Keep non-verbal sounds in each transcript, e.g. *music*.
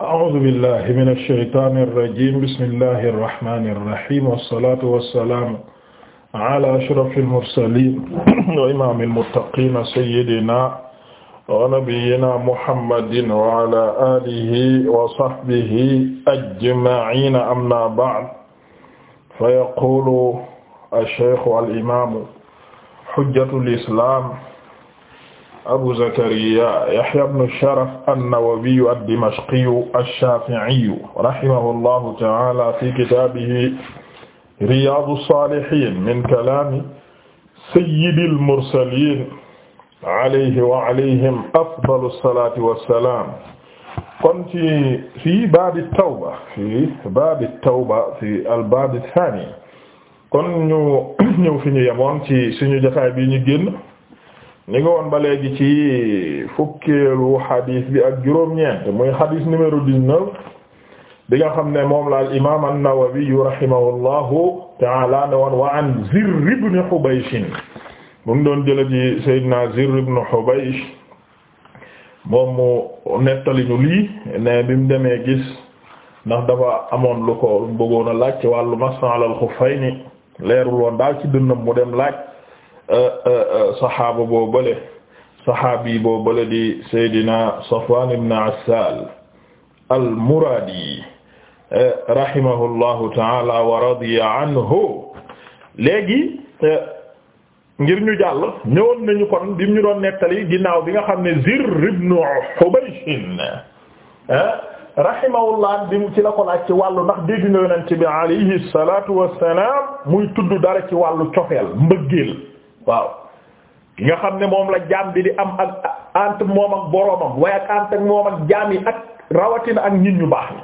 a'uuzu billahi mina shaytaani rajiim bismillahi rahmaani rahiim wassalaatu wassalaamu ala ashrafil mursaliin wa imaamil muttaqiin sayyidinaa wa nabiyyinaa muhammadin wa ala aalihi wa sahbihi ajma'iin ammaa ba'd fa yaquulu ash-shaykhu al-imaamu hujjatul islaam abu zakariya yahya ibn sharaf an-nawawiyu ad-dimashqiyu ash-shafi'iyu rahimahullahu ta'ala fi kitaabihi riyaadu saalihiin min kalaami sayyidil mursaliin alayhi wa alayhim afdalu salaati wa salaam kon ci fii baabi tawba fii baabi tawba fii al-baab ath-thaani kon ñu ñëw fi ñu yemoon ci suñu jotaay bi ñu génn ñu ngi woon ba léegi ci fukkeelu xadis bi ak juróom-ñeent muy xadis numéro 19 bi nga xam ne moom la al imaam an-Nawawi rahimahullahu ta'ala ne woon wa an Zirr ibn Hubaysh mu doon jële ci Seydina Zirr ibn Hubaysh moom mu nettali ñu lii ne bi mu demee gis ndax dafa amoon lu ko bëggoon a laaj ci wàllu mas'al al-xuffayni leerul woon daal ci dënnam mu dem laaj. Euh, euh, euh, saxaaba boo bële saxaabi boo bële di Seydina Safwan ibn Assal al-Muradi rahimahullahu ta'ala wa radiya anhu léegi ngir ñu jàll ñëwoon nañu kon bi ñu doon nettali ginnaaw bi nga xam ne Zirr ibn Hubaysh rahimahullah bi mu ci la ko laaj ci wàllu ndax dégg nga yonent bi alayhi salatu wassalam muy tudd dara ci wàllu cofeel mbëggeel waaw ki nga xam ne moom la jaam bi di am ak entre moom ak boroomam waaye ak entre moom ak jaam yi ak rawatina ak nit ñu baax ni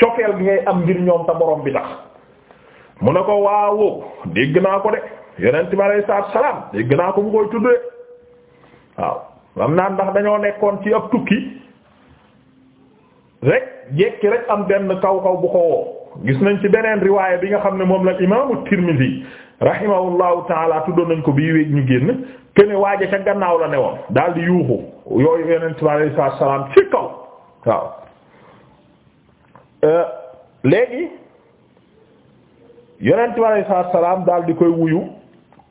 cofeel gi ngay am ngir ñoom ta borom bi tax mu ne ko waaw dégg naa ko de yonent bi alayhi salaatu salaam dégg ko mu koy tuddee naa ndax dañoo nekkoon ci ab tukki rek jekki rek am benn kaw kaw bu ko gis nañ ci beneen riwaaya bi nga xam ne moom la imaamu Tirmidhi rahimahullahu taala tuddoon nañ ko bii wéeg ñu génn kene waaja ca gannaaw la ne woon daldi di yuuxu yooyu yonent bi alayhi salaam ci kaw waaw euh, léegi yonent bi alayhi salaam daal koy wuyu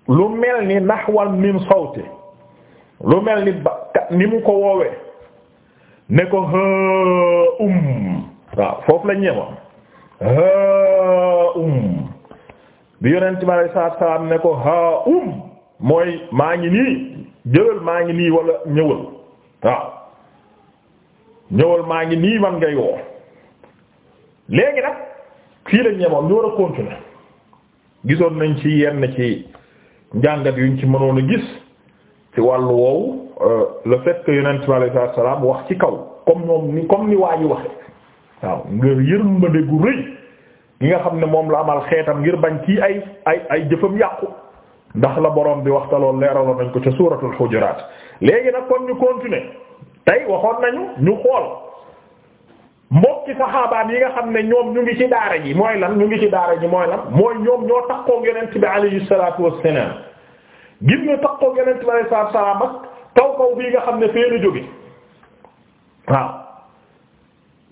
lu mel ni naxwal min sawte lu mel ni ba ni mu ko woowee ne ko um waaw foofu la ñeema um bi yonent bi alay salaam ne ko haa um mooy maa ngi nii jëlal maa ngi nii wala ñëwal waaw ñëwal maa ngi nii man ngay woo léegi nag fii lañ ñemoon ñu war a continuer gisoon nañ ci yenn ci njàngat yuñ ci mënoon a gis ci wàllu woowu euh, le fait que yonent bi alay salaam wax ci kaw comme ñoom ni comme ni waa ji waaw nga yërmande gu rëy li nga xam ne moom la amal xeetam ngir bañ ci ay ay ay jëfam yàqu ndax la borom bi waxtaloon leeraloon nañ ko ca suuratul xujuraat léegi nag kon ñu continuer tey waxoon nañu ñu xool mbokki saxaabaan yi nga xam ne ñoom ñu ngi ci daara ji mooy lan ñu ngi ci daara ji mooy lan mooy ñoom ñoo tax takkook yonent bi alayhi salaatu wassalaam gis nga takkook yonent bi alayhi salaatu wassalaam ak kaw kaw bii nga xam ne feenu jóge waaw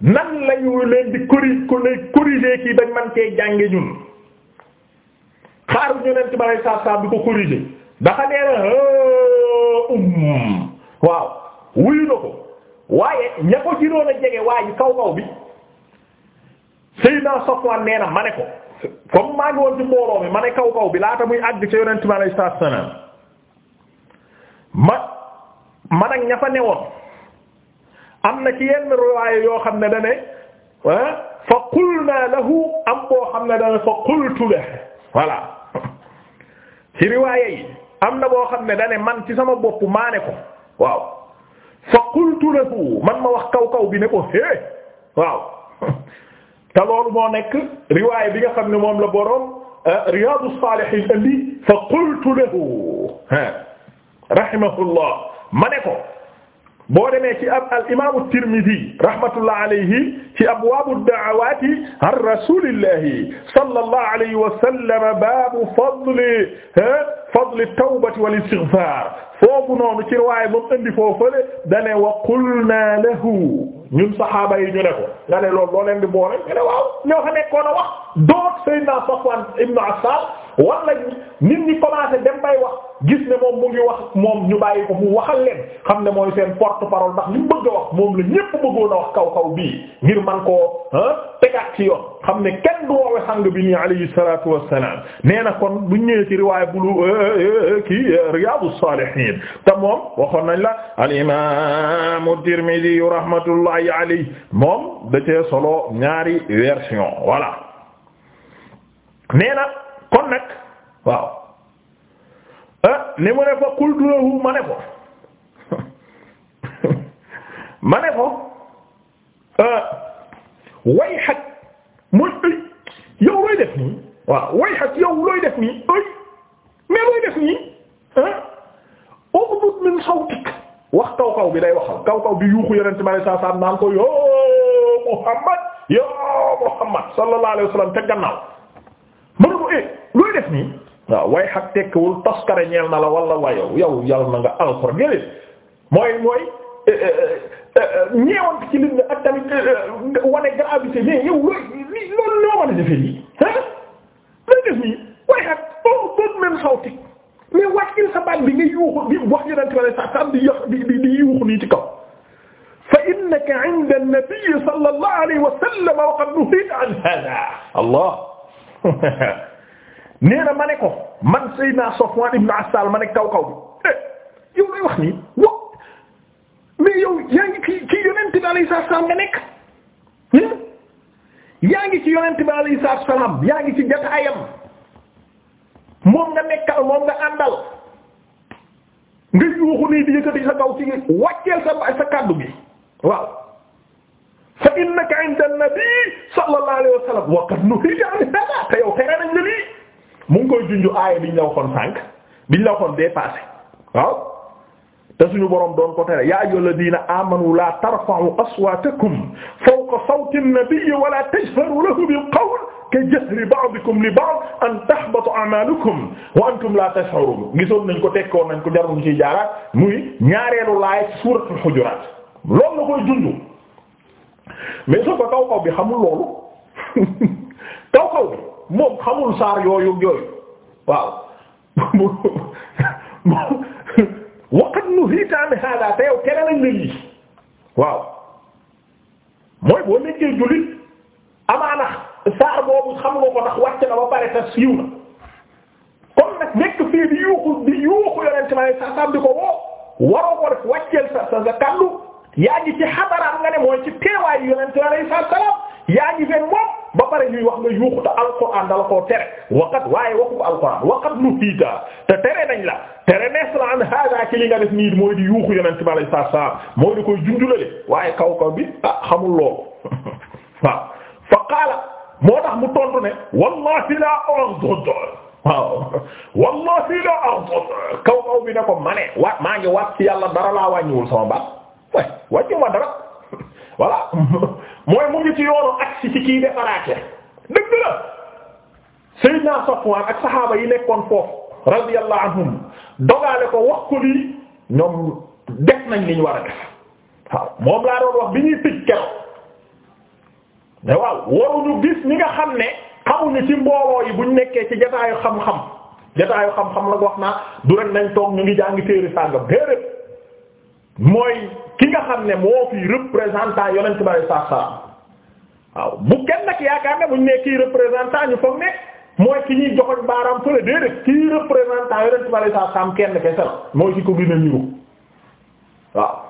nan lañu leen di corrige ko kii bañ man cee jànge ñun xaaruñu neen ci balay saab bi ko corriger dafa nee na um, waaw wuyu na ko waaye ña ko ginoon a jege waaye kaw kaw bi Seydina Safwan nee na ma ne ko comme maa woon ci mbooloo mi ma ne kaw kaw bi laata muy àgg ca yonent bi alayhi salaatu wa ma man ña fa newoon am na ci yenn riwaaya yoo xam ne dane ah fa qulna lahu am boo xam ne dane fa qultu lahu voilà ci am na boo xam ne dane man ci sama bopp maa ne ko waaw fa qultu lahu man ma wax kaw kaw bi ne ko waaw *laughs* te loolu moo nekk riwaaya bi nga xam ne moom la boroom ah, Riyadus Salihin indi fa qultu lahu rahimahullah ma ne ko boo demee ci ab al imaamu Tirmidi rahmatullah alayhi ci abwaabu da'awaati an rasulillahi sallallahu alayhi wa sallam baabu fadli fadli tawbati wal istighfar foofu noonu ci riwaaya moom indi foofale dane wa qulna lahu ñun saxaaba yi ñu ne ko nga ne loolu loo leen di boole nga ne waaw ñoo fa nekkoon a wax doot Sayyidina Safwan ibn Assal wala nit ñi commencé dem bay wax gis ne moom mu ngi wax moom ñu bàyyi ko mu waxal leen xam ne mooy seen port parole ndax li bëgg a wax moom la ñépp bëggoon wax kaw kaw bii ngir man koo tegaat ci yoon xam ne kenn du woowe sang bi nii alayhi salatu wassalam nee na kon bu ñëwee ci riwaaya bulu euh, euh, euh, ki Riyadus Salihin te moom nañ la al imam at-Tirmidhi rahmatullahi alayhi moom da cee solo ñaari version voilà nee na kon nag waaw ah, ni mu ne fa qultu lahu ma ne ko *laughs* ma ne ko ah, way xaj mooy ay yow looy def nii waaw way xaj yow looy def nii ay mais looy def nii ah, uqbut min sawtik wax kaw kaw bi day waxal kaw kaw bi yuuxu yonent bi saa saa naan ko yo Muhammad yo Muhammad sallallahu alayhi wasallam te gannaaw looy def nii waaw way xag tekkiwul toskare ñeel na la wala wayow yow yàlla na nga alxor déedéet mooy mooy eh, eh, eh, ñeewante ci lim ne ak tamit wane gravité mais yow looy a defee nii ah looy def nii way xag au boog même xawti mais wàccil sa baat bi nga yuuxu di wax yeneen tubaab yi sax sax di yàq di di di yuuxu ci kaw. fa allah *laughs* nee na ma ne ko man Seydina Safwan ibn Assal ma ne kaw kaw bi eh yow lay wax nii wa mais yow yaa ngi ci ci yonent bi alayhi salaam nga nekk hmm? yaa ngi ci yonent bi alayhi salaam yaa ngi ci jataayam moom nga nekkal moom nga àndal nga yuuxu nii di yëkkati sa kaw ci wàcceel sa sa kàddu gi waaw fa innaka inda an-nabi sallallahu wa sallam wa qad nuhiya an hada te yow tere nañ la lii mu ngi koy junju aaya biñ la waxoon sànq biñ la waxoon dépassé waaw te suñu borom doon ko tere yaa ayyuha alladina amanu la tarfa'u aswatakum fawqa sawti an-nabiyyi wa la tajharu lahu bil qawl ka jahri ba'dikum li ba'd an tahbata a'malukum wa antum la tash'urun gisoon nañ ko tekkoon nañ ko jarul ci jaaraat muy ñaareelu laay ci suuratul Hujurat loolu la koy junju mais soo ko kaw kaw bi xamul loolu *laughs* kaw kaw bi moom xamul saar yooyu yooyu waaw waqat nu hiitaani haadaa te yow tere lañ la lii waaw mooy boo nekkee jullit amaana saar boobu xam nga ko ndax wàcc na ba pare te siiw na kon nag nekk fii di yuuxu di yuuxu yonent ma ne sa saam di ko woo waroo ko def wàcceel sa sa sa yaa ngi ci xabaraam nga mooy ci teewaayu yonent ma ne sa salaam yaa ngi feen moom ba pare ñuy wax nga yuuxu te alquran dala koo tere waqat waaye waxu ko alquran waqat nu fiita te tere nañ la tere nees la an hada ki def nii mooy di yuuxu yonent bi alayhi salaatu moo mooy di koy junjulale waaye kaw kaw bi ah xamul loolu *laughs* fa qaala moo tax mu tontu ne wallahi la ardud waaw *laughs* wallahi la kaw kaw bi ne ko mane maa ngi waat ci yàlla dara laa wàññiwul sama baat *laughs* way wàññiwuma dara voilà mooy mu ngi ci yoonu aksi ci kii defaraate dëgg la Seydina Safwan ak saxaaba yi nekkoon foofu radiyallahu anhum dogaale ko wax ko lii ñoom def nañ liñ war a def waaw moom laa doon wax bi ñuy tëj keroog mais waaw waruñu gis ñi nga xam ne xamuñu ci mbooloo yi buñ nekkee ci jataayu xam-xam jataayu xam-xam la wax naa du rek nañ toog ñu ngi jàngi téere sàngam déedéet mooy ki nga xam ne moo fi représentant yonent bi alayhi salaam waaw bu kenn nag yaakaar ne bu ñu nee kii représentant ñu foog ne mooy ki ñuy joxoñ baaraam fële déedéet kii représentant yonent bi alayhi salaam kenn kese la mooy ci ko gën a niru waaw.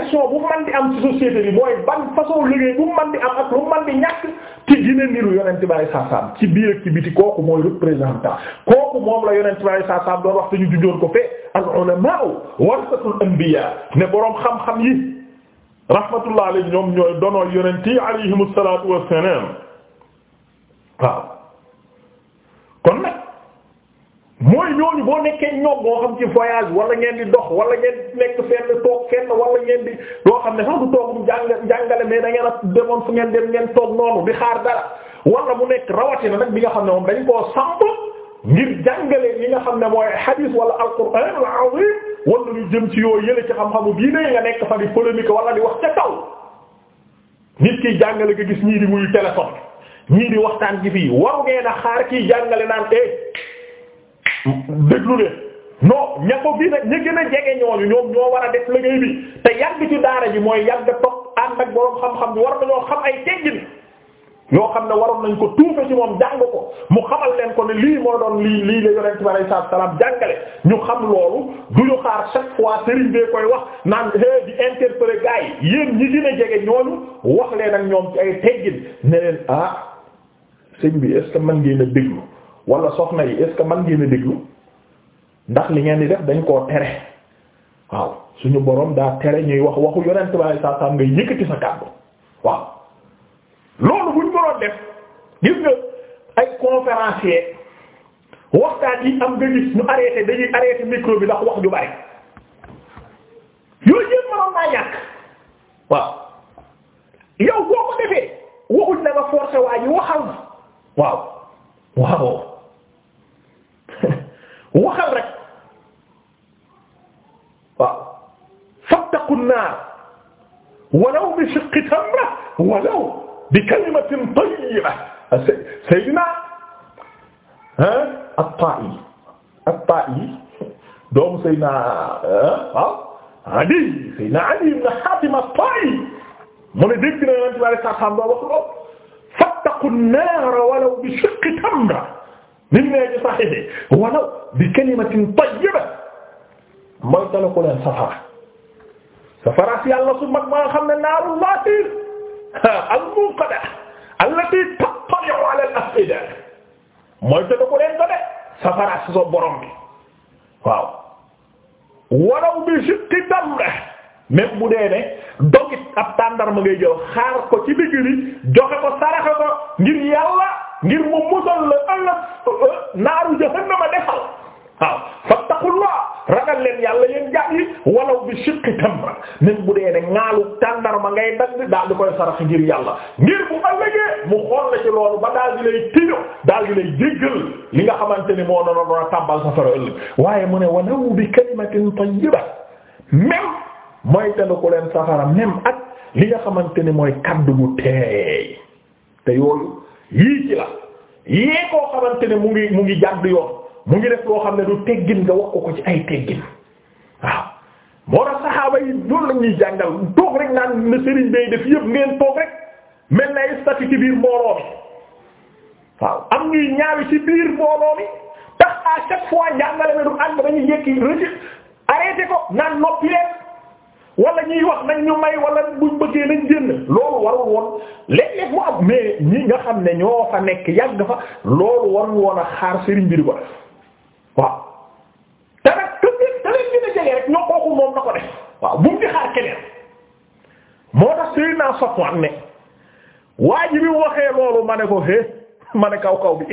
pression bu man di am ci société bi mooy ban façon liggéey bu man di am ak lu man di ñàkk ci gën a niru yonent bi saa ci biir ak ci biti kooku mooy représentant kooku moom la yonent bi saa saam doon wax te ñu junjoon ko fee al ulama warasatul anbiya ne boroom xam-xam yi rahmatullah alayhi ñoom ñooy donoo yonent yi alayhimu salaatu wassalaam waaw kon nag mooy ñooñu boo nekkee ñoom boo xam ci voyage wala ngeen di dox wala ngeen nekk fenn toog fenn wala ngeen di loo xam ne sax du toog du jàng jàngale mais da ngeen a demoon fu ngeen dem ngeen toog noonu di xaar dara wala mu nekk rawatina nag bi nga xam ne moom dañ koo samp ngir jàngale yi nga xam ne mooy hadith wala alquran al-azim wala lu jëm ci yoo yële ci xam-xamu diine nga nekk fa di polémique wala di wax ca taw nit kiy jàngale nga gis ñii di wuyu téléphone ñii di waxtaan gi fii waru ngeen a xaar kiy jàngale naan eh. déglu leen non ña ko gën a ña gën a jege ñooñu ñoom ñoo war a def liggéey bi te yàgg ci daara ji mooy yàgg toog ànd ak boroom xam-xam bi war nañoo xam ay teggin yoo xam ne waroon nañ ko tuufe ci moom jàng ko mu xamal leen ko ne lii moo doon lii lii la yonent bi alayhi salaatu salaam jàngale ñu xam loolu du ñu xaar chaque fois sëriñ bee koy wax naan hee di interpeller gars yi yéen ñi gën a jege ñooñu wax leen ak ñoom ci ay teggin ne leen ah sëñ bi est ce que mën ngeen déglu wala soxna yi est ce man ngeen déglu ndax li ngeen di def dañ koo tere waaw suñu borom daa tere ñuy wax waxu yonent baay saa saa ngay yëkkati sa kàddu waaw loolu buñ ko def gis nga ay conférencier waxtaan yi am nga gis ñu arrêté dañuy arrêté micro bi ndax wax ju bari yooyu yëpp mënoon naa ñàkk waaw yow boo ko defee waxuñ na nga forcé waa ji waxal na waaw waaw waxal rek waaw fattaqu naar walaw bi shiqqi tamra walaw bi kalimatin tayyiba sayyidina at-Ta'i at-Ta'i doomu sayyidina waaw Adi sayyidina Adi ibn Hatim at-Ta'i mu ne dégg na Yonent bi sallallahu alayhi wa sallam wax lool fattaqu naar walaw bi shiqqi tamra nim nee ci saxiixi walaw bi kalimatin tayyiba mooy talaku leen safara safara si yàlla su mag maa xam ne naaru laatir al-muuqada allati tattali'u ala al-af'ida mooy talaku leen ko safara si so borom bi waaw walaw bi shiqqi tamra même dee ne dogit ab tàndarma ngay jël xaar ko ci digg joxe ko saraxe ko ngir yàlla ngir mu musal la Allah euh, naaru jahannama defal waaw fattaqullah ragal leen yàlla yéen jaam yi walaw bi shiqqi tamra même bu dee ne ŋaalu tàndarma ngay dagg daal di koy sarax ngir yàlla ngir bu ëllëgee mu xool la ci loolu ba daal di lay tiño daal di lay jéggal li nga xamante ni moo doon doon a tàmbal safara ëllëg waaye mu ne walaw bi kalimatin tayyiba même mooy telu ko leen safara même ak li nga xamante ni mooy kaddu bu teey te yooyu yii ci la yee koo xamante ne mu ngi mu ngi jàdd yoon mu ngi def koo xam ne du teggin nga wax ko ci ay teggin waaw moo tax saxaaba yi loolu la ñuy jàngal toog rek naan ne Serigne Baye def yëpp ngeen toog rek mel na ay statut ci biir mbooloo waaw am ñuy ñaawi ci biir mbooloo tax à chaque fois jàngale na du ànd ba ñu yëkki rëcc ko naan noppi leen wala ñuy wax nañ ñu may wala buñ bëggee nañ génn loolu warul woon léeg-léeg mu am mais ñi nga xam ne ñoo fa nekk yàgg fa loolu warul woon a xaar sëriñ bi di ko def waaw te nag te te leen gën rek ñoo kooku moom na ko def waaw bu mu di xaar keneen moo tax sëriñ naa sotwaan ne waa ji bi waxee loolu ma ne ko hé ma ne kaw kaw bi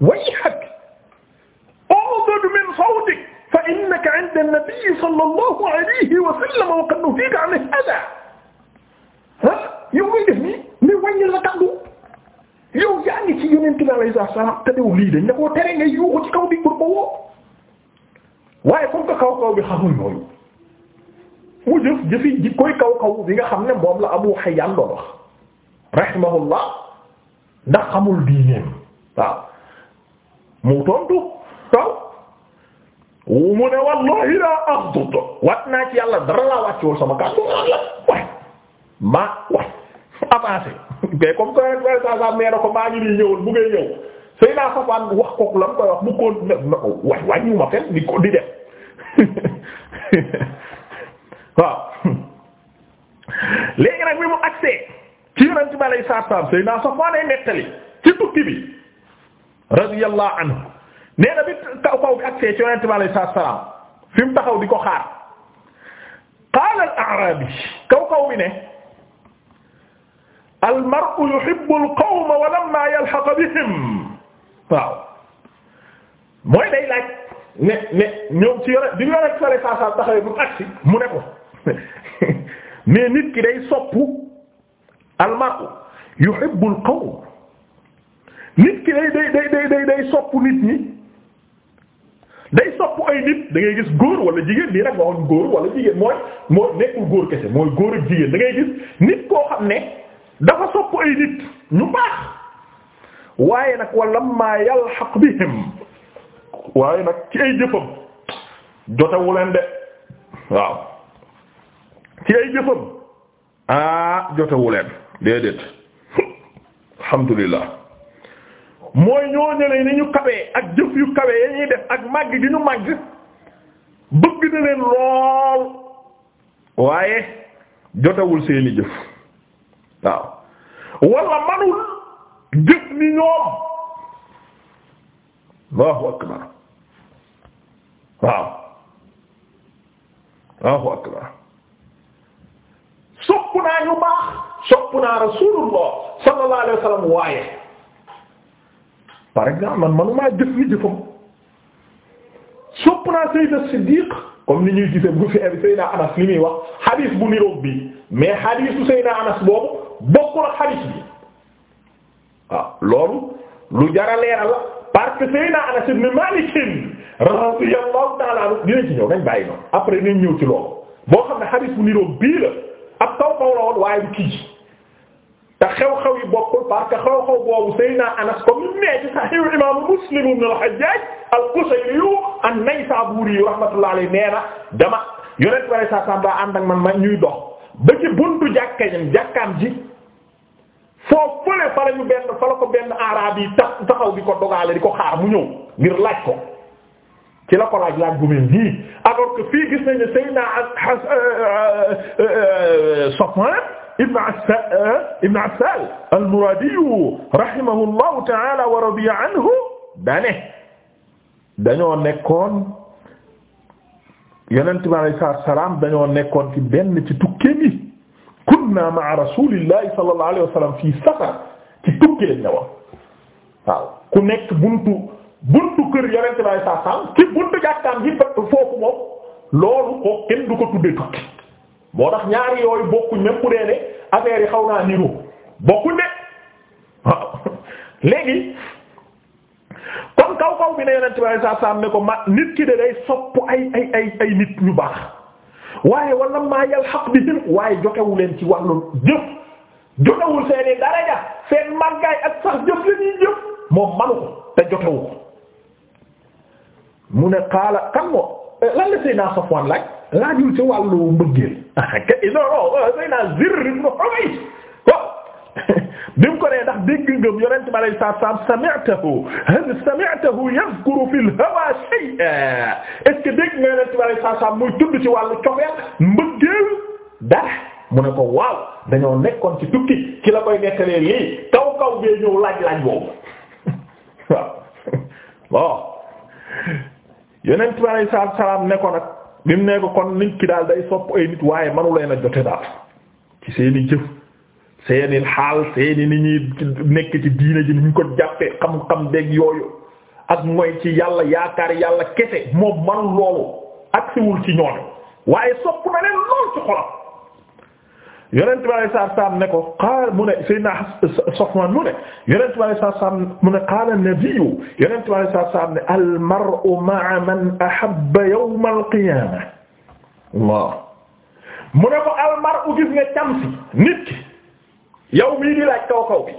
way inda an-nabi sallallahu alayhi yow ngay def nii ni wàññil la yow yaa ci yonent bi alayhi salaam te dew lii dañ la koo tere ngay yuuxu ci kaw di pour ba woo waaye comme que kaw kaw bi xamul loolu mu jëf jëfi kaw kaw bi nga xam ne moom la Abu Hayyan doon wax rahimahullah ndax xamul diineem waaw mu tontu mu ne wallahi laa axdud wat naa ci yàlla dara laa wàccuwul sama kàddu la waay ma waay avancé mais comme que ren saa nee na ko maa ngi nii ñëwoon bu ngay ñëw sëy naa Safwaan wax kooku la mu wax mu ko na ko waay wàññiwuma fenn di ko di def *laughs* waaw nag bi mu agsee ci yonent bi alayhi salaam sëy naa Safwaan ay nettali ci tukki bi radiyallahu anhu nee na bi kaw kaw bi agsee ci yonent bi alayhi salaatu salaam fi mu taxaw di ko xaar qaala al-a'raabi kaw kaw bi ne al-mar'u yuhibbu al-qawma wa lammaa yalhaqa bihim waaw mooy day laaj ne ne ñoom ci yore bi yore ci yore saa saa taxawee bu mu agsi mu ne ko *laughs* mais nit ki day soppu al-mar'u yuhibbu al-qawm nit ki day day day day day soppu nit ñi. day sopp ay nit da ngay gis góor wala jigéen nii rek waxoon góor wala jigéen mooy mooy nekkul góor kese mooy góor ak jigéen da ngay gis nit koo xam ne dafa sopp ay nit ñu baax waaye nag wala maa yalhaq bihim waaye nag ci ay jëfam jotewu leen de waaw ci ay jëfam ah jotewu leen déedéet *laughs* alhamdulillah mooy ñoo ñële ni ñu kawee ak jëf yu kawee ya def ak màgg gi ñu màgg bëgg na leen lool waaye jotawul seeni jëf waaw wala manul jëf ni ñoom Allahu akbar waaw Allahu akbar sopp naa ñu baax sopp naa rasulullah sallallahu alayhi waaye par exemple man manumaa jëf li jëfam sopp naa Sayyidina Siddiq comme ni ñuy gisee bu fi Sayyidina Anas li muy wax xadiis bu niroog bi mais xadiisu Sayyidina Anas boobu bokkul ak xadiis bi waaw ah, loolu lu jar a leeral par parce que Sayyidina Anas ibn Maalik radiyallahu ta'ala anhu dina ci ñëw nañ bàyyi noonu après nañ ci loolu boo xam ne xadiis bu niroog bii la ab taw taw la woon waaye du kii te xew-xew yi parce que boobu Seydina Anas comme mu nee ci Sahih Imam Muslim ibn al-Hajjaj al-Qushayri an dama yonent bi saa saa daa ànd ak man ma ñuy dox ba ci buntu jàkkañam jàkkaam ji foo fële fa ñu benn fa ko benn araab yi tax taxaw di ko dogaale di ko xaar mu ñëw ngir laaj ko ci la ko laaj laaj bu mel nii alors fii gis nañu Seydina Safwan euh, euh, euh, Eh, ibn Assal ibn Assal al-Muradiyu rahimahullahu ta'ala wa radiya anhu dane dañoo nekkoon yonent bi alayhi salaatu wa salaam dañoo nekkoon ci benn ci tukkeem yi kunna ma'a rasulillahi sallallahu alayhi wa sallam fii safar ci tukki lañ ne woon waaw ku nekk buntu buntu kër yonent bi alayhi salaatu wa salaam ci buntu jàkkaam yi foofu moom loolu ko kenn du ko tuddee tukki moo tax ñaari yooyu bokkuñ même bu affaire yi xaw naa niru bokkuñ de léegi kon kaw kaw bi ne yonent bi saa ko ma nit ki de day sopp ay ay ay ay nit ñu baax waaye wala maa yalhaq bihim waaye joxewu leen ci wàllu jëf jotewul seeni daraja seen màggaay ak sax jëf la jëf moom manu ko te jotewu mu ne xaala kan moo lan la Seydina Safwan laaj. laajul ci wàllu mbëggeel *laughs* non non euh, sëy a Zirr ibn Humays oh, *laughs* bi mu ko nee ndax dégg ngëm yonent bi alayhi salaam sami'tahu hal sami'tahu yadhkuru fil hawa shay'an est-ce tudd ci wàllu cofeel mbëggeel dara mu ne ko waaw dañoo nekkoon ci tukki ki la koy nettalee lii kaw kaw bee ñëw laaj laaj boobu *laughs* yonent bi salaam ne ko bi mu ne ko kon nit ki daal day sopp ay nit waaye manu leen a jote daal ci seeni jëf seeni xaal seeni ni ñuy nekk ci diina ji ni ñu ko jàppee xam-xam dégg yooyu ak moy ci yàlla yaakaar yàlla kese moom man loolu agsiwul ci ñoom waaye sopp na leen lool ci xolam yonent bi alayhi salaatu salaam ne ko qaal mu ne Seydina Safwan mu ne yonent bi alayhi salaatu salaam mu ne qaala nabiyyu yonent bi alayhi salaatu salaam ne al-mar'u ma'a man ahabba yawma al-qiyaama Allah mu ne ko al-mar'u gis nga cam si nit ki yow mii di laaj kaw kaw bi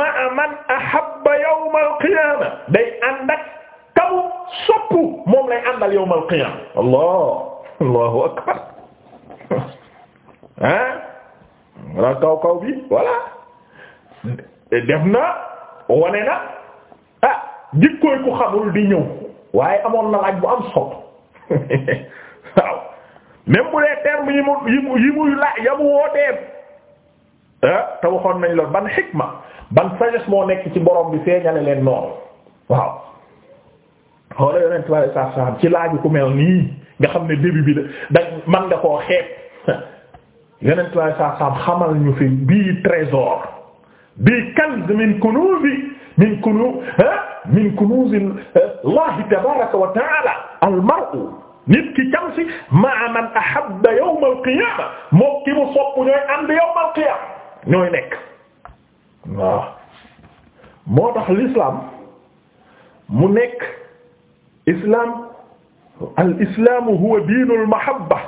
ma'a man ahabba yawma al-qiyaama day ànd ak kaw soppu moom lay àndal yawma al-qiyaama Allah Allahu akbar hein walla kaw kaw bi voilà def na wone na ah jikkooy ku xamul di ñëw waaye amoon na laaj bu am solo *laughs* waaw même bu dee terme yi mu yi mu yi muy la ya mu wootee ah te waxoon nañ loolu ban xikma ban sagesse moo nekk ci borom bi feeñale leen noonu waaw xoola yonent bi sallallahu alayhi wasallam ci laaj ku mel nii nga xam ne début bi da man nga koo xeeb *laughs* yeneen tuwaay saa saam xamal ñu fi bii trésor bii kanz min kunuuzi min kunu min kunuuzi llahi tabaaraka wa ta'aala al-mar'u nit ki cam si ma'a man ahabba yawm al-qiyaama moo ki mu sopp ñooy ànd yawm al-qiyaama ñooy nekk waaw moo tax l'islam mu nekk islam al-islaamu huwa diinul mahabba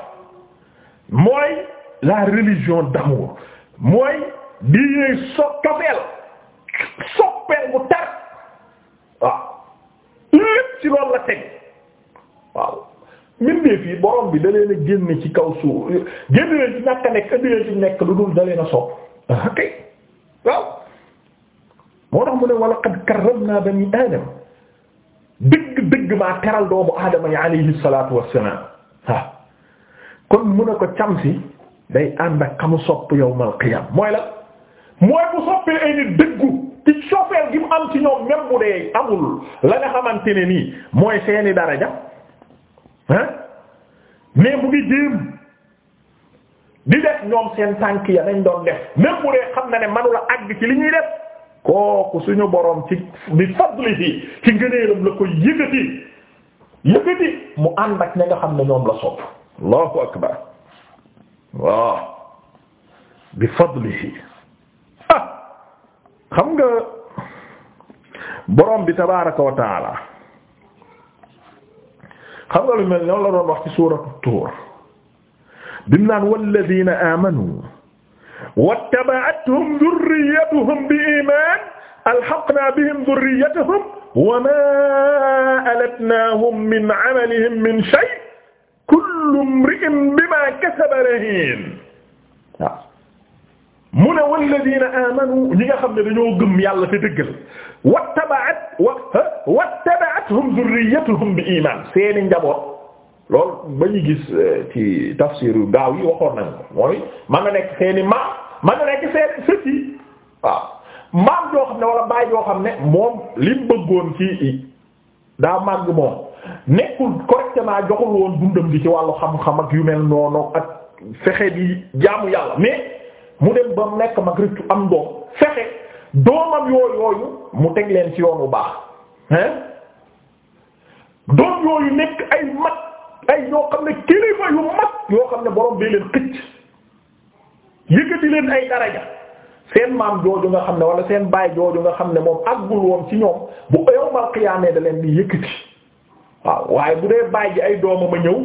mooy la religion d'amour mooy diine soppeel soppeel bu tar waaw lépp ci loolu la teg waaw mbindee fii borom bi da leen ci kaw suuf génn nekk indi leen ci nekk lu dul da leen a ah, moo tax mu ne wa laqad karramna bani dëgg-dëgg maa teral doomu aadama yi alayhi salaatu wassalaam kon mu ko camsi day ànd ak xamu sopp yawmal qiyam mooy la mooy bu soppee ay nit dëggu ci soppeel gi mu am ci ñoom même bu dee amul la nga xamante ne nii mooy seeni daraja ah mais mu ngi jéem di def ñoom seen tànk ya nañ doon def même bu dee xam na ne manula àgg ci li ñuy def kooku suñu boroom ci bi fadlihi ci ngëneelam la ko yëkkati yëkkati mu ànd ak ña nga xam ne ñoom la sopp allahu akbar waaw bi fadlihi ah xam nga borom bi tabaaraka wa taala xam nga lu mel noonu la doon wax ci suuratu tuur bim naan walladiina aamanu wattaba'athum dhurriyyatuhum bi-iimaan alhaqnaa bihim dhurriyyatahum wa maa alatnaahum min 'amalihim min shay' kullu mri'in bimaa kasaba rahiin waaw mu ne walladiina aamanu ñi nga xam ne dañoo gëm yàlla te dëggal wattaba'at wattaba'athum zurriyyatuhum bi iimaan seeni njaboot loolu ba ñu gis eh, ci tafsiru gaaw yi waxoon nañ ko mooy ma nga nekk seeni maam ma nga nekk seeni sët yi waaw maam joo xam ne wala baay joo xam ne moom li mu bëggoon ci daa màgg moom nekkul correctement joxul woon dundam gi ci wàllu xam-xam ak yu mel noonu ak fexe di jaamu yàlla mais mu dem ba nekk mag rëccu am doom fexe doomam yooyu yooyu mu teg leen ci yoon bu baax hein doom yooyu nekk ay mag ay yoo xam ne kilifa yu mag yoo xam ne borom bee leen xëcc yëkkati leen ay daraja seen maam jooju nga xam ne wala seen baay jooju nga xam ne moom àggul woon ci ñoom bu yawmal qiyaamee da leen di yëkkati waaw waaye bu dee bàyyi ay doomam a ñëw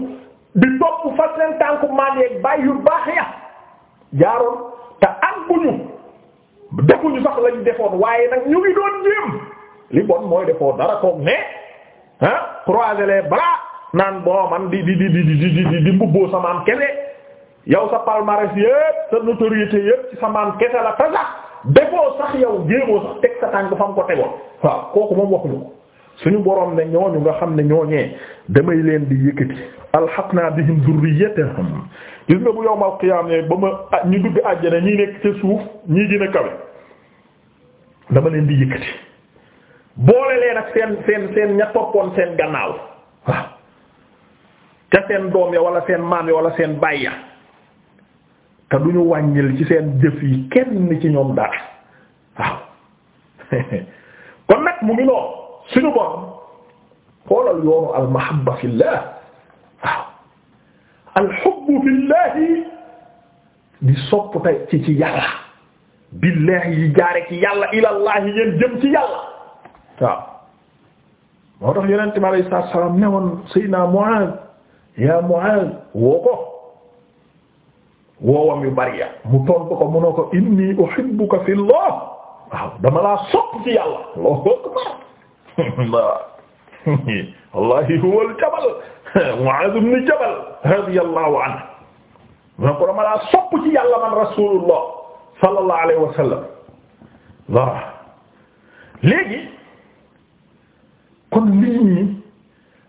di topp fas leen tànku maan yeeg bàyyi yu baax ya jaaroon te am bu ñu defuñu sax lañu defoon waaye nag ñu ngi doon jéem li bon mooy defoo dara toog ne ah croiser les naan boo man di di di di di di di mbubboo sama am kese yow sa palmarès yépp sa notoriété yépp ci sama am la te defoo sax yow jéemoo sax teg sa tànk fa mu ko tegoon waaw kooku moom waxuñu ko suñu borom ne ñooñu nga xam ne ñooñee damay leen di yëkkati alhaqna bihim dhurriyyatahum gis nga bu yawmal qiyaam ne ba ma ah, ñu dugg àjjana ñi nekk ca suuf ñi gën a kawe dama leen di yëkkati boole leen ak seen seen seen ña toppoon seen gannaaw waaw ca seen doom ya wala seen maam ya wala seen baay ya te du ñu wàññil ci seen jëf yi kenn ci ñoom dara *laughs* kon nag mu ngi noonu suñu borom xoolal yoonu al mahabba fillah waaw al hubbu billahi di sopp tay ci ci yàlla billahi yi jaare ci yàlla ilallahi yéen jëm ci yàlla waaw moo tax yonente bi alayhi salaatu wa salaam ne woon Seydina Muaaz yaa Muaaz woo ko woowam yu bari ya mu tontu ko mu ne ko inni uhibbuka fillah waaw dama laa sopp ci yàlla Allahu akbar *laughs* *laughs* wallahi huwa al-jabal *laughs* Mu'aaz ibn Jabal radiyallahu anhu man ko dama laa sopp ci yàlla man rasulullah sallallahu alayhi wa lii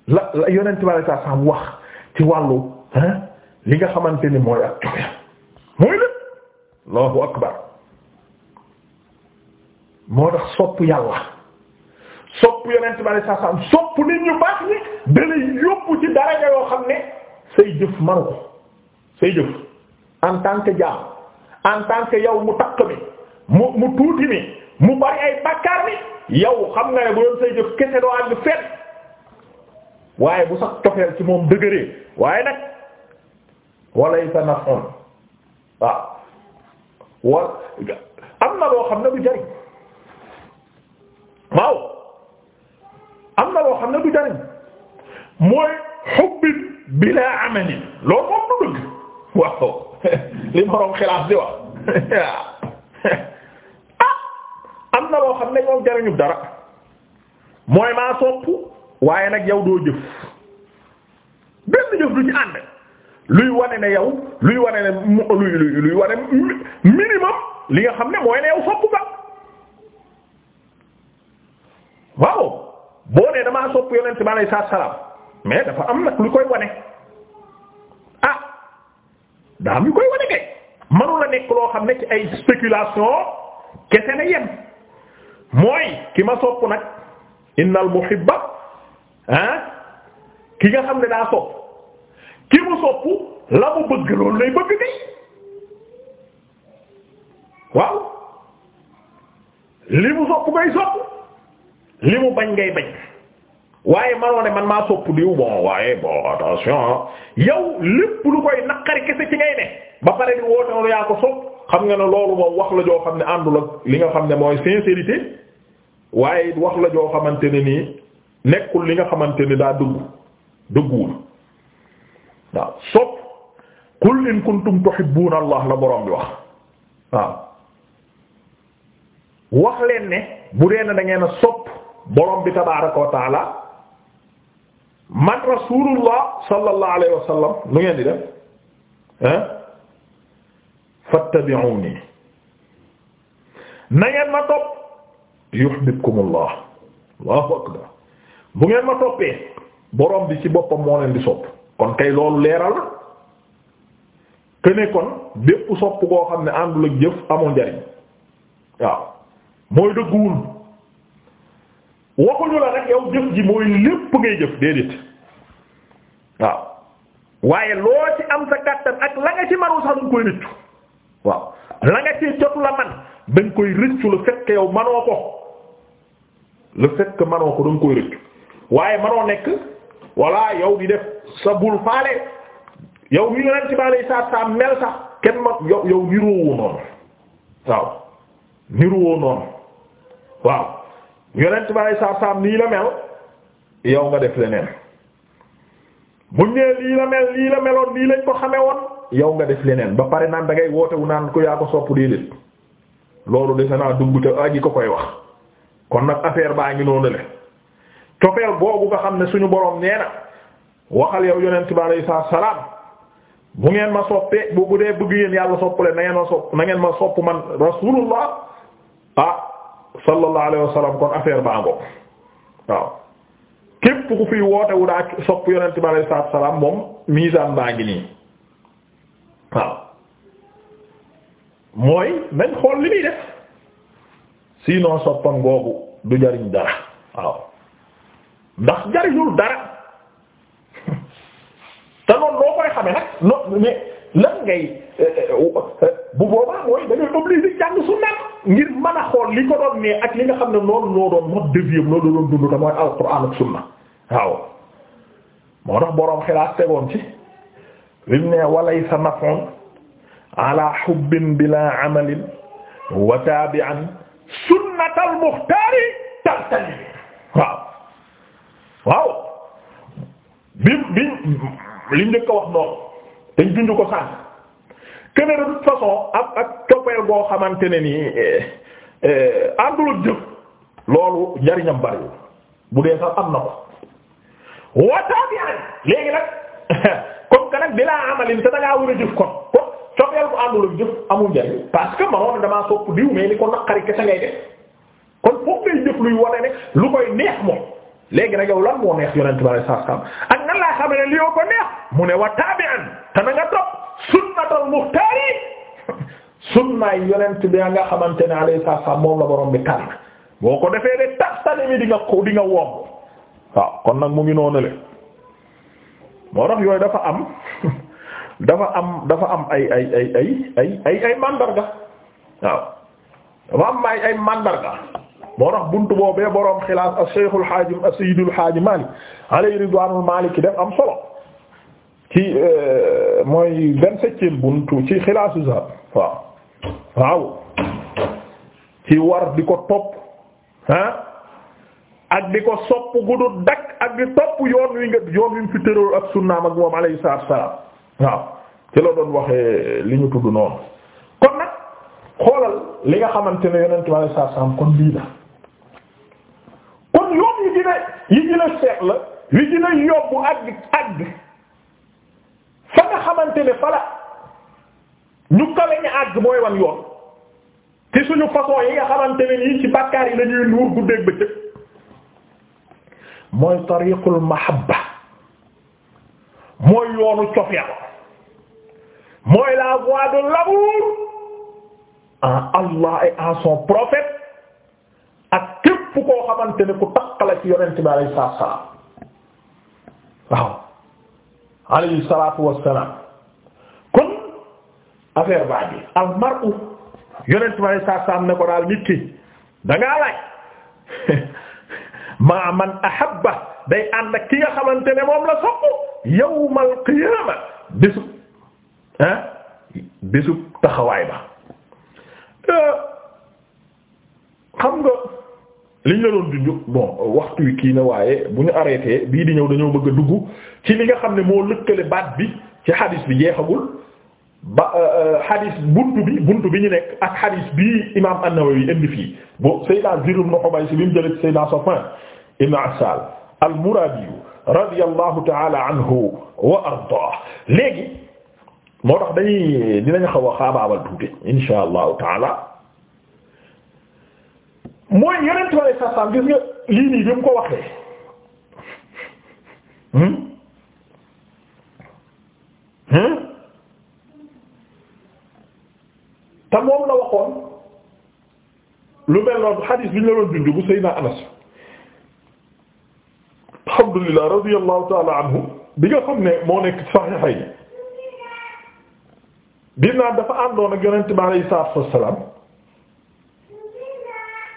la la yonent bi alayhi wax ci wàllu li nga xamante ni mooy ak coxéen mooy lépp Allahu akbar moo tax sopp yàlla. sopp yonent bi alayhi salaam sopp nit ñu baax ñi dana yóbbu ci daraja yoo xam ne say jëf manu ko say jëf en tant jaam en tant yow mu takk bi mu tuuti mi mu bari ay bakkaar bi yow xam nga ne bu doon say jëf kese doo àgg fet waaye bu sax cofeel ci moom dëgëree waaye nag walaysa nafon waaw wa am na loo xam ne lu jariñ waaw loo xam ne du jariñ mooy xubbin bilaa amalin loolu moom du waaw li moroom xilaas di wax *laughs* ah am na loo xam ne ñoom jariñu dara mooy maa sopp waaye nag yow doo jëf benn jëf du ci ànd luy wane ne yow luy wane ne luy minimum li nga xam ne mooy ne yow sopp ba waaw boo nee damaa sopp yonent bi alayhi salaam mais dafa am nag lu koy wane ah daa koy wane kay manu la nekk loo xam ne ci ay spéculation kese na yem mooy ki ma sopp nag innal muhibba ah ki nga xam ne daa sopp ki mu sopp la mu bëgg loolu lay bëgg kay li mu sopp koy sopp li mu bañ ngay bañ waaye manoo ne man maa sopp diw bon waaye bon attention yow lépp lu koy naqari kese ci ngay ne ba pare di woote woon yaa ko sopp xam nga ne loolu moom wax la joo xam ne àndul li nga xam ne mooy sincérité wax la joo xamante ne nii nekkul li nga xamante ni daa dëggu dëgguwul waaw sopp qul in kuntum tuhibbuna allah la borom bi wax waaw wax leen ne bu dee na da ngeen a sopp borom bi tabaaraka wa taala man rasulullah sallallahu alayhi wa sallam lu ngeen di def ah fattabi'uni na ma topp yuhibbukumullah allahu akbar bu ngeen ma toppee borom bi ci boppam moo leen di sopp kon kay loolu leeral que ne kon bépp sopp koo xam ne àndul ak jëf amul njariñ waaw mooy dëgguwul. waxuñu la rek yow jëf ji mooy lépp ngay jëf déedéet waaw waaye loo ci am sa kàttan ak la nga ci maru sax danga koy rëccu waaw la ci jot la man danga koy rëccu le fait que manoo ko le fait que manoo ko danga koy rëccu waaye manoo nekk walla yow di def sa bul faale yow mi yonent bi alayhi salaam mel sax kenn ma yow yow niroowoo noonu waaw niroowoo noonu waaw yonent baay saab saab nii la mel yow nga def leneen bu ñëwee lii la mel lii la meloon lii lañ ko xame woon yow nga def leneen ba pare naan da ngay wootewu naan ko yaa ko sopp déedéet loolu defe naa dugg te aji ko koy wax kon nag affaire baa ngi noonu le cofeel boobu nga xam ne suñu boroom nee na waxal yow yonent bi alayhi salaam bu ngeen ma soppee bu bu dee bëgg yéen yàlla soppale na ngeen ma sopp na ngeen ma sopp man rasulullah ah, sallallahu alayhi wa sallam kon affaire baa ngoog waaw képp ku fi woote wu daa sopp yonent bi salaam moom misaan baa ngi nii waaw mooy nañ xool li muy def sinon soppam googu du jariñ dara waaw ndax jariñul dara *laughs* te noonu loo koy xame nag no mais lan ngay bu boobaa mooy da ngay obligé jàng sunna ngir mën a xool li ko doon ne ak li nga xam ne noonu loo doon mot deviam loolu doon dund te mooy alquran ak sunna waaw moo tax boroom xilaat tegoon ci limu ne walaysa naf'un ala hubbin bila amalin wa tabi'an sunnatal muxtaari tartali waaw waaw bi bi liñ njëkk ko wax noonu dañ dund ko sànq keneen de toute façon ak ak boo xamante ne nii eh, eh, àndul jëf loolu njariñam bariwul bu dee sax am na ko wataa léegi nag comme *laughs* que nag bilaa amalin te dangaa war a jëf kon kon toppeel bu àndul ak jëf amul njariñ parce que manoon damaa sopp diw mais li ko naqari kese ngay def kon foofu ngay jëf luy wane ne lu koy neex moom léegi nag yow lan moo neex yonent bi sallallahu ak nan laa xamee ne yow ko neex mu ne wa te na topp muxtaar yi sunnaay yonent nga xamante ne alayhi salaam moom la borom bi tànn boo ko defee de tastani mi di nga ko di nga womb waaw kon nag mu ngi noonu le moo tax yooyu dafa am *laughs* dafa am dafa am ay ay ay ay ay ay ay mandarga waaw dafa am ay ay mandarga moo tax buntu boobee boroom xilaas as-Sheikhul Haajim as-Sayyidul Haajim Maalik alayhi ridwaanul Maalik def am solo ci euh, mooy vingt-septième buntu ci xilaasu zahab waaw waaw ci war di ko topp ah ak di ko sopp gudut dakk ak di topp yoon wi nga yoon wi mu fi ak sunnaam ak moom alayhi salaatu wa salaam waaw ci la doon waxee li ñu tudd noonu kon nag xoolal li nga xamante ne yonent bi alayhi salaatu salaam kon lii la kon yoon yi dina yi dina seet la yi dina yobbu àgg àgg fa nga xamante ni fa la ñu kawe ñu àgg mooy wan yoon ci suñu façon yi nga xamante ne nii ci bàkkaar yi la ñuy nuur guddeeg bëccëg mooy tariqul mahabba mooy yoonu cofeel mooy la voie de l'amour en Allah et en son prophète ak képp koo xamante ne ku la ci yonent bi alayhi salaam waaw alayhi salaatu wassalaam kon affaire baa bi al mar'u yonent ma ne saa saam ne ko daal nit ki da ngaa laaj *laughs* maa man ahabba day ànd ak ki nga xamante ne moom la sopp yawmal qiyaama bésub ah bésub taxawaay ba euh, xam nga. liñ la doon waxtu wi kii na waaye bu ñu arrêté bii di ñëw dañoo bëgg a dugg ci li nga xam ne moo lëkkale baat bi ci hadis bi jeexagul ba euh, euh, hadis buntu bi buntu bi ñu nekk ak hadis bii imaam an-Nawawi indi fii bo Seydina Zirr ibn Hubaysh bi mu jëlee Seydina Safwan ibn Assal al-Muradi ta'ala anhu wa ardaah léegi moo tax dañuy dinañ xaw a xaabaabal tuuti insha allahu taala. mooy yeneen tool lii nii bi mu ko waxee hmm hmm te moom la waxoon lu mel noonu xadiis bi ñu la doon dund Anas alhamdulillah radiyallahu ta'ala anhu bi nga ne moo nekk saxiixa yi dinaa dafa àndoon ak Yonent bi alayhi salaatu wa salaam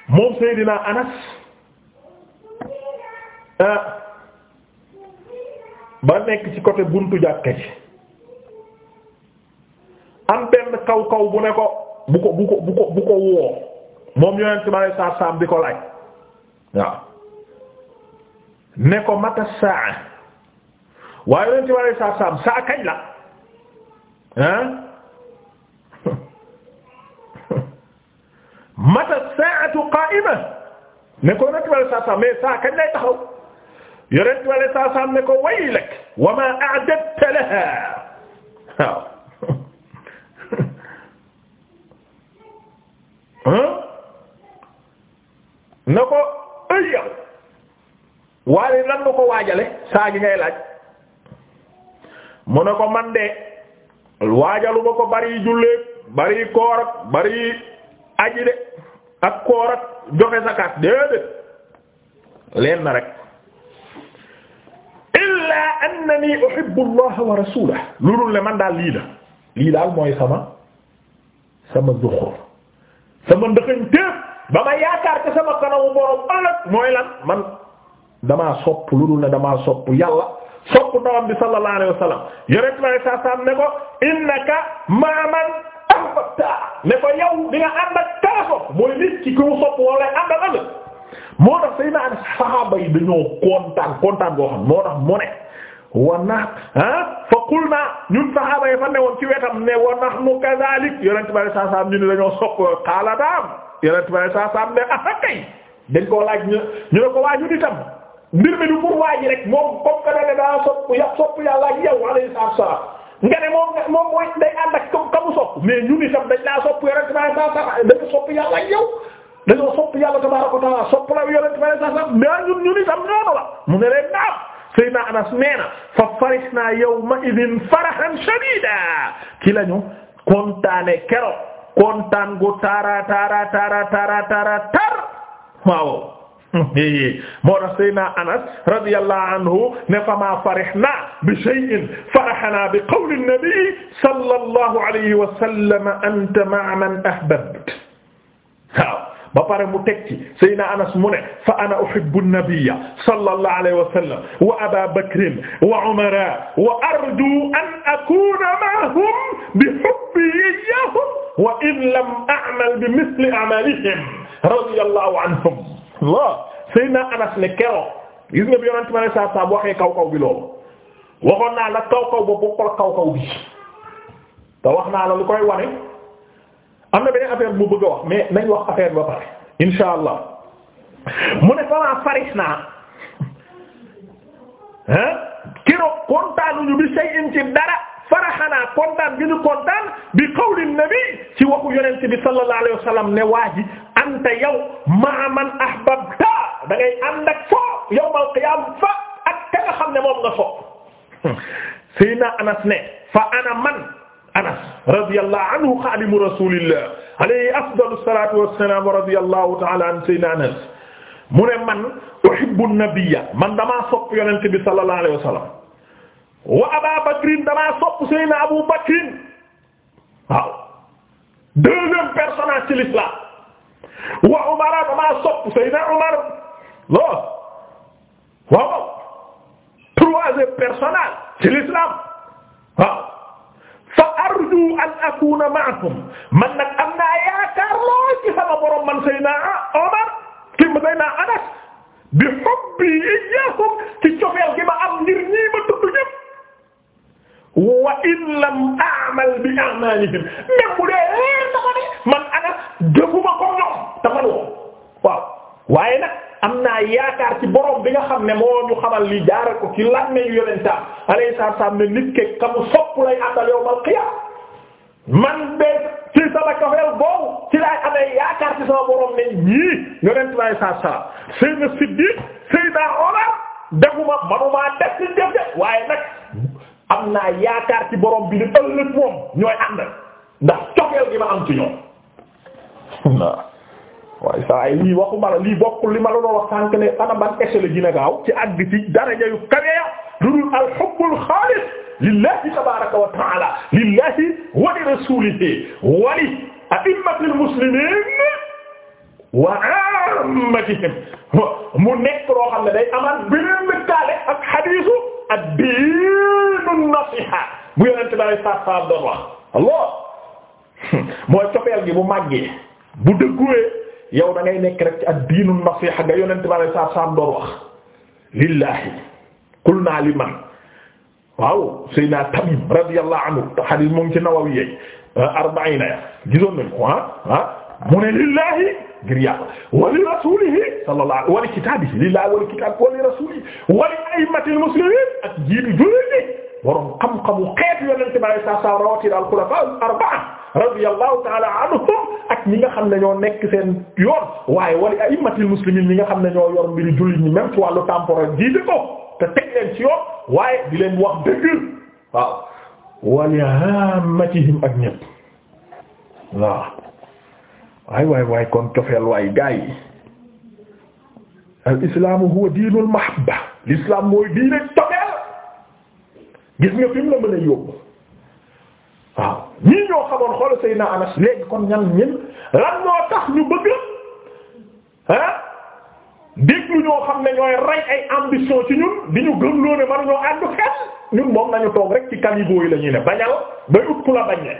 moom Seydina Anas ah, ba nekk ci côté buntu jàkka ji am benn kaw kaw bu ne ko bu ko bu ko bu ko bu ko woo moom yonent bi alayhi salaatu salaam di ko laaj waaw ne ko mata saa waaye yonent bi alayhi salaatu salaam saa kañ la ah *laughs* mata saa as-saa'atu ne ko yonent bi saa saa mais taxaw yonent bi saa ne ko waylak wa maa a'dadta lahaa waaw. *laughs* na ko ay yow waaye lan nga waajale saa gi ngay laaj mu ne ko man de waajalu ma ko bari julleek bari koor bari aji ak koor ak joxe zakat déedéet leen na rek illa annani uhibbu allaha wa rasulahu loolu le man daal lii la lii daal mooy sama sama duxur sama ndëxañ téef ba ma yaakaar te sama kanamu borom ëllëg mooy lan man damaa sopp loolu ne damaa sopp yàlla sopp ndawam bi sallallahu alayhi wa sallam yonent bi sallallahu alayhi wa sallam ne ko innaka maaman taa ne ko yow di nga ànd ak mooy nit ki ki sopp wala ànd moo tax say naan saxaaba yi dañoo kontaan kontaan boo xam moo tax mu ne wa na ah ñun saxaaba yi fa newoon ci wetam ne wa nahnu kadhalik yonent bi saa saam ñu ne dañoo sopp xaala daam yonent bi saa saam ne ah kay dañ koo laaj ñu ñu ne ko waaju di tam mbir mi du pour waaji rek moom comme que ne daa sopp ya sopp yàlla ak yow alayhi salaam nga ne moom moom mooy day ànd ak ka mu sopp mais ñun itam dañ laa sopp yore tamit saa saa dañu sopp yàlla ak yow dañoo sopp yàlla tabaaraka wa taala sopp la yore tamit saa saa mais ñun ñun itam noonu la mu ne leen naam Seydina Anas nee na fa farisna yawma'idhin farahan shadida ci lañu kontaane kero kontaan gu tara tara tara tara tara tar waaw. *laughs* moo tax Seydina Anas radiyallahu anhu ne fama farihna bi shay'in farahna bi qawli an-nabi sallallahu alayhi wa sallam anta ma'a man ahbabta waaw ba pare mu teg ci Seydina Anas mu ne fa ana uhibbu an-nabiyya sallallahu alayhi wa sallam wa Aba Bakrin wa Umara wa arju an akuna ma'ahum bi hubbi iyyahum wa in lam a'mal bi mithli a'malihim radiyallahu anhum waaw Seydina Anas ne keroog gis nga bi yonent ma ne saa saa waxee kaw kaw bi loolu waxoon naa la kaw kaw boobu bokkul kaw kaw bi te wax naa la lu koy wane am na beneen affaire bu bëgg a wax mais nañ wax affaire ba pare insha allah mu ne fala faris naa hein keroog kontaanuñu bi shay'in ci dara faraxanaa kontaan gi kontaan bi qawli nabi ci waxu yonent bi sallallahu alayhi wasallam ne waa ji anta yow ma man ahbabta da ngay ànd ak fo yawmal qiyaam fa ak ka nga xam ne moom nga fo Seydina Anas ne fa ana man Anas radiyallahu anhu xaadimu rasulillah alayhi afdalu salaatu wassalaam wa radiyallahu ta'ala an Seydina Anas mu ne man uhibbu nabiyya man damaa sopp yonent bi sallallahu alayhi wa sallam wa Aba Bakrin damaa sopp Seydina Abu Bakrin waaw deuxième personnage ci l'islam wa Umar damaa sopp Seydina Umar lo waaw troisième personnage ci l'islam waaw fa arju an akuna ma'akum man nag am naa yaakaar lool ci sama borom man Seydina Umar kim Seydina Anas bi hubbi iyyakum ci cofeel gi ma am ngir ñi ma tudd ñépp wa in lam a'mal bi a'malihim man ana defuma ko ñoom waaw waaye nag am naa yaakaar ci borom bi nga xam ne moo ñu xamal li jaara ko ci lan ne yonentam alayhi salaam ne nit ke kamu sopp lay àndal yawmal qiyaam man de ci sama kafeel boobu ci laay amee yaakaar ci sama borom ne ñii yonent bi alayhi salaam sayyidina Siddiq sayyidina Umar defuma manuma def ci def de waaye nag am naa yaakaar ci borom bi ne ëllëg moom ñooy ànd ndax cofeel gi ma am ci ñoom waaw waaye saa yi lii waxuma la lii bokkul li ma la doon wax sànk ne ana ban échelle gi ci àgg ci daraja yu kawe ya lu al hubbul xaalis lillahi wa ta'ala lillahi wa li rasuulihi wa li a'immatil muslimiin wa ammatihim mu nekk loo xam ne day amal beneen lëkkaale ak xadiisu ad-diinu nasiha bu yonent bi ay saaf saaf doon wax alors *laughs* mooy cofeel gi bu màggee bu dëgguwee yow da ngay nekk rek ci ad-diinu nasiha nga yonent bi ay saaf saaf doon wax lillahi qulna liman waaw Seydina Tamim radiyallahu anhu hadith mu ngi ci Nawawi euh, arba'ina gisoon nañu ko ah ah mu ne lillahi ngir yàlla wa li rasulihi sallallahu alayhi wa li kitaabihi lillahi wa li kitaabihi wa li rasulihi wa li a'immatil muslimin ak jiitu jullit ñi xam-xamu xeet yonent bi alayhi salaam rawatina al khulafa al arba'a radiyallahu ta'ala anhum ak ñi nga xam ne ñoo nekk seen yoon waaye wa li a'immatil muslimin ñi nga xam ne ñoo yor mbiri jullit ñi même ci wàllu temporel jiite ko te teg leen ci yoon waaye di leen wax dëgg waaw waay waay waay kon cofeel waay gaa yi al islaamu huwa lu mahabba l'islam mooy diine cofeel gis nga fi la mën a yóbbu waaw ñii ñoo xamoon xool Seydina Anas léegi kon ñan ñin lan ñoo tax ñu bëgg ah déglu ñoo xam ne ñooy rey ay ambition ci ñun di ñu gëm loo ne man ñoo àndu xel ñun moom nañu toog rek ci caniveau yi ne bañal bay ut ku la bañ ne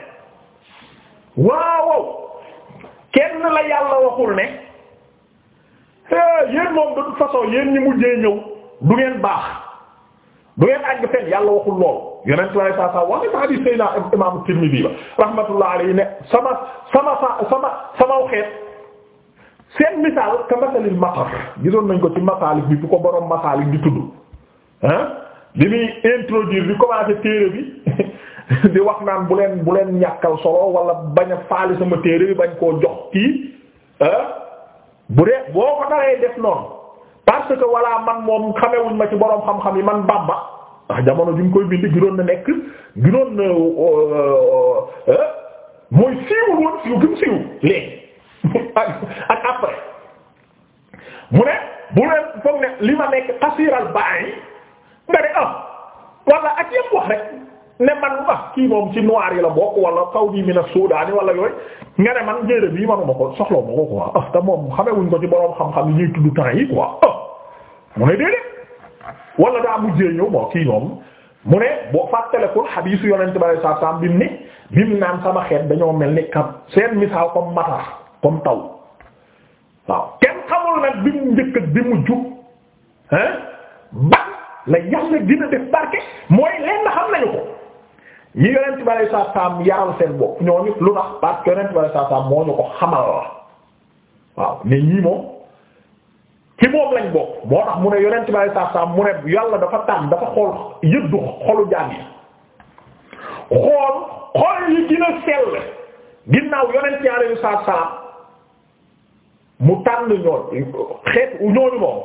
waaw. kenn la yàlla waxul ne eh, yéen moom de toute façon yéen ñi mujjee ñëw du ngeen baax du ngeen àgg fenn yàlla waxul lool yeneen tubaab yi saa saa wax dëgg hadiis Seydina Imaam Tirmidi ba rahmatullah seen misaal ka masalil maqar gisoon nañ ko ci masaalik bi bu ko borom masaalik di tudd ah li muy introduire di commencer téere bi. *laughs* di wax naan bu leen bu leen ñàkkal solo wala bañ a faali sama téere bañ koo jox kii ah, bu dee boo ko naree def noonu parce que voilà man moom xamewuñ ma ci boroom xam-xam yi man Bamba ah, jamono bi ñu koy bind ginoon na nekk ginoon na oh, oh, eh, mooy siiwul woon siiw gi mu siiw léegi *laughs* ak après mu ne bu leen foog ne li ma nekk xasiiral baa yi nga ne ah, walla ak yëpp wax rek ne man kii moom ci noir yi la bokk wala kaw bi mina Suudaani wala yooyu nga ne man njëriñ bi manuma ko soxla ma ko quoi ah te moom xamewuñ ko ci boroom xam-xam yi ñuy tudd temps yi quoi ah mu ne déedéet. wala daa mujjee ñëw moo kii moom mu ne boo fàttalikul xadiisu Yonent ba saa saam bi mu ne bim naan sama xeet dañoo mel ni kam seen misaal comme matar comme taw waaw kenn xamul nag bi mu njëkk bi mu jub ban la yàlla dina def barke ñi yonent bi alei saatu salaam yaral seen bopp ñooñu lu tax parce yonent bi alei saatu moo ñu ko xamal la waaw ne ñii moom ci moom lañ bokk moo tax mu ne yonent bi alei saatu mu ne yàlla dafa tànn dafa xool yëddu xolu jaan yi xool yi dina sell ginnaaw yonent yi alei saatu salaam mu tànn ñooñ xeet ñooñu moom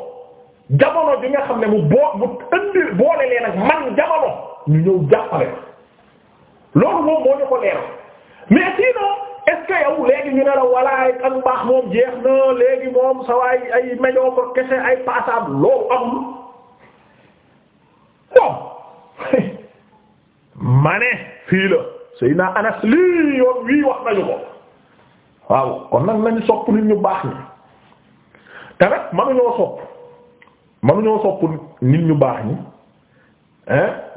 jamono bi nga xam ne mu boo mu ëndi boole leen ak man jamono ñu ñëw jàppale loolu moom moo ñu ko leer mais sinon est-ce que léegi ñu ne la walaay ak mbaax moom jeex na léegi moom sawaay ay médiocre kese ay passable loolu amul bon *laughs* ma ne fii la Seydina Anas lii yoon wii wax nañu ko waaw kon nag nañu sopp nit ñu baax ñi te nag mënuñoo sopp mënuñoo sopp nit ñu baax ñi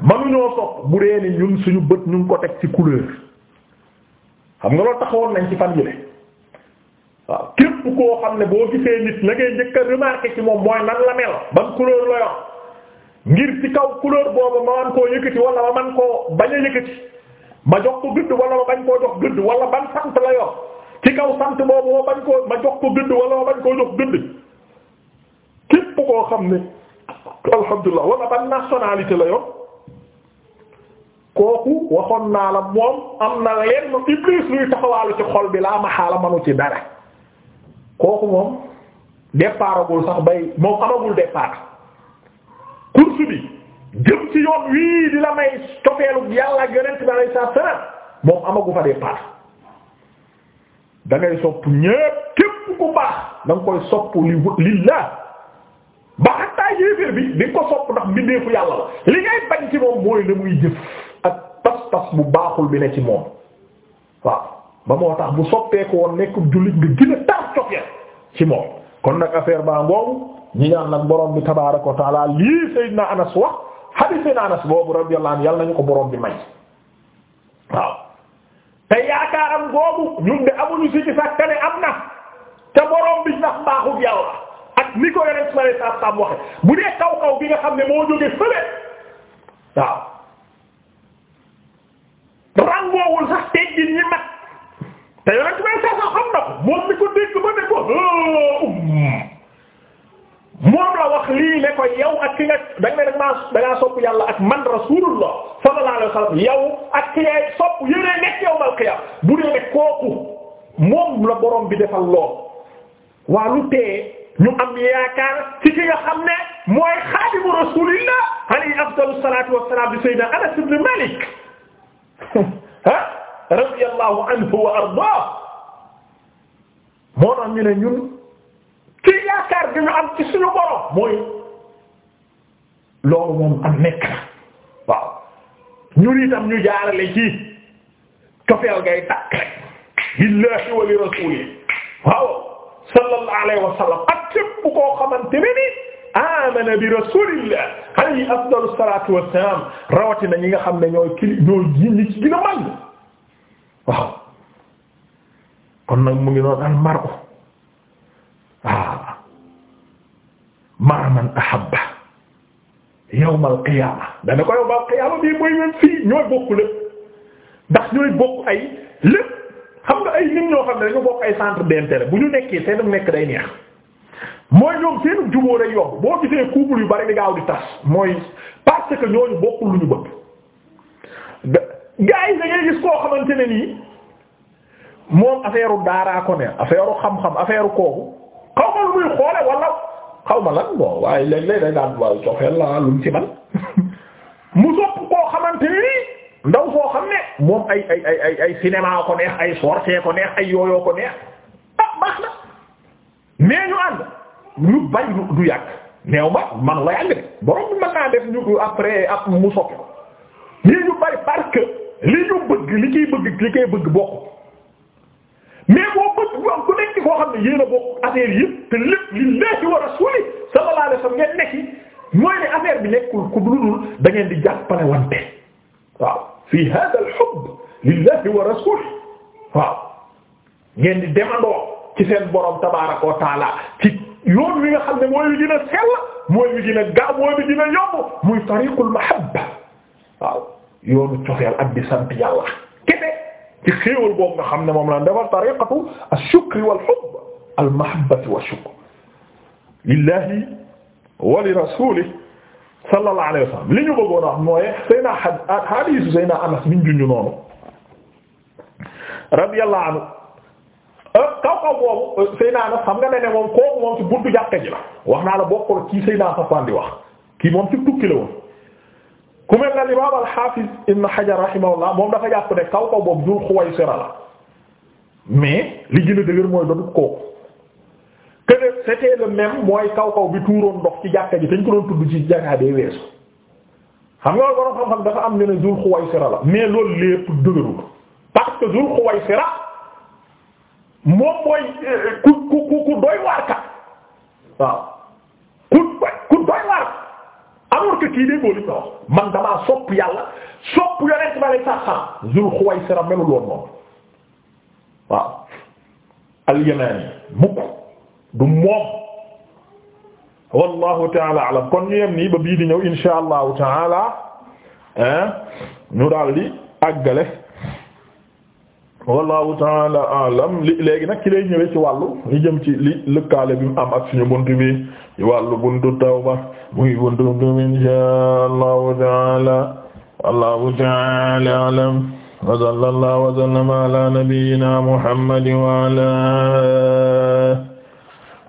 manuñoo sopp bu dee ni ñun suñu bët ñu ko teg ci couleur xam nga loolu taxawoon nañ ci fan yile waaw képp koo xam ne boo gisee nit la ngay njëkk a ci moom mooy nan la mel ban couleur la yor ngir ci kaw couleur boobu ma man koo yëkkati wala ma man koo bañ a yëkkati ma jox ko gëdd wala ma bañ koo jox gëdd wala ci kaw sant boobu ma bañ koo ma jox ko gëdd wala képp koo xam ne. alhamdulilah wala ban nationalité la yor kooku waxoon naa la moom am na lenn iblis luy taxawaalu ci xol bi laa ma manu ci dara kooku moom départagul sax bay moom amagul départ course bi jëm ci yoon wii di la may cofeelu yàlla ak yonent bi alayhi salaatu moom amagu fa départ da sopp ñépp képp ku baax da koy sopp li lillah baax gaa yéeféer bi di ko sopp ndax mbindeefu yàlla la li ngay bañ ci moom mooy la muy jëf ak pas-pas bu baaxul bi ne ci moom waaw ba moo tax bu soppeeku woon nekk jullit nga gën tar cokkee ci moom kon nag affaire baa ngoomu ñi ñaan nag borom bi tabaaraka wa taala lii Seydina Anas wax hadith Seydina Anas boobu radiyallahu anhu yàlla nañu ko boroom bi may waaw te yaakaaram googu ñun de amuñu si ci sax am na te borom bi ndax baaxul yàlla ak ni ko yeneen su ma nee saa saam waxe bu dee kaw kaw bi nga xam ne moo jógee fële waaw rangoowul sax teggin ñi mat te yeneen su ma saa saam xam na ko moom mi ko dégg ba ne ko um. moom la wax lii ne ko yow ak ki nga da nga sopp yàlla ak man rasulullah sallallahu alayhi wasallam yow ak ki ngay sopp yéenee nekk yow mal bu dee ne kooku moom la borom bi defal lool waa lu tee ñu am yaakaar ci ki ne mooy xaadimu rasulillah alayhi afdalu salatu wassalam bi sayyidina Anas ibn Malik *laughs* ha radiyallahu anhu wa ardaah moo tax ñu ne ñun ci ñu am ci suñu mooy loolu moom am nekk na waaw ñun ñu jaarale ci cofeel ngay tàkk rek billahi wa li rasulih waaw sallallahu alayhi wa sallam ak képp koo xamante ne ni amana bi rasulillah alayhi afdalu salatu wassalam rawatina ñi nga xam ne ñooy kili ñooy ji ñi ci gën a màgg waaw kon nag mu ngi noon al mar'u ah ma'a man ahabba yawm al qiyamah dana ko yawm al qiyamah bii mooy ñun fii ñooy bokk lépp ndax ñooy bokk ay lépp xam nga ay nit ñoo xam ne dañu bokk ay centre d'intérêt bu ñu nekkee seen nekk day neex mooy ñoom seen jubóo day yomb boo gisee couple yu bari di gaaw di tas mooy parce que ñooñu bokkul lu ñu bëgg. gaa yi ngay gis koo xamante ne nii moom affaire daaraa ko ne affaire xam-xam affaire kooku xaw ma lu muy xoole wala xaw ma lan bon waaye léeg-léeg dañ daan waaye cofeel la lu mu ci man *laughs* mu sopp koo xamante nii ndaw soo xam ne moom ay ay ay ay ko neex ay sortie ko neex ay yooyoo ko neex ah baax na mais ñu ànd ñu bay du yàgg neew ma man la yàgg de borom bi naa def ñu après ab mu soppi ñii ñu bay parce li ñu bëgg li kiy bëgg li mais boo ku nekk koo xam ne yéen a bokk affaire yëpp te lépp li war a suuli sallallahu alayhi wasallam ngeen nekki mooy ne affaire bi nekkul ku dul da ngeen di jàppale wante waaw fi hada al hubb lillahi wa rasulih waaw ngeen di demandoo ci seen borom tabaaraka wa taala ci yoon wi nga xam ne mooy wi dina sell mooy wi dina gaaw mooy wi dina yomb muy tariqul mahabba waaw yoonu cofeel ak di sant yàlla kete ci xéewal boobu nga xam ne moom la dafa tariqatu ash-shukri wal hubb al mahabbati wa shukr lillahi wa li rasulihi sallallahu alayhi wa sallam li ñu bëggoon mooy sayna hadiisu sayna Anas bi ñu junj noonu radiyallahu anhu euh, kaw kaw euh, Anas xam nga ne ne kooku moom ci buntu jàkka ji la wax naa la ci sayna Safwan di wax kii moom ci tukki la woon. ku mel na Imaam al-Hafiz Ibn Hajar rahimahullah moom dafa jàpp ne kaw kaw boobu du Xuwaysira la mais li gën a dëgër mooy dootul kooku. que c'était le même mooy kaw kaw bi tuuroon ndox ci jàkka ji te ñu ko doon tudd ci jàkka bee weesu xam nga loolu xam-xam dafa am ne ne Zul Xuwaysira la mais loolu lépp dëgërul parce que Zul Xuwaysira moom mooy euh, ku ku ku doy waar kat waaw ku ku doy waar alors que kii déggoo li man damaa sopp yàlla sopp yonent ba lay saxaam Zul Xuwaysira melul woon noonu waaw al mukk du moom wallahu taala alam kon ñu yem nii ba bii di ñëw insha allahu taala ñu daal di àggale wallahu taala alam li léegi nag ci lay ñëwee ci wàllu li jëm ci li lëkkaale bi mu am ak suñu buntu bi ci wàllu buntu tawba muy buntu bi insha allahu taala wallahu taala alam wa sallallahu wa sallama ala nabiyyina muhammadin wa ala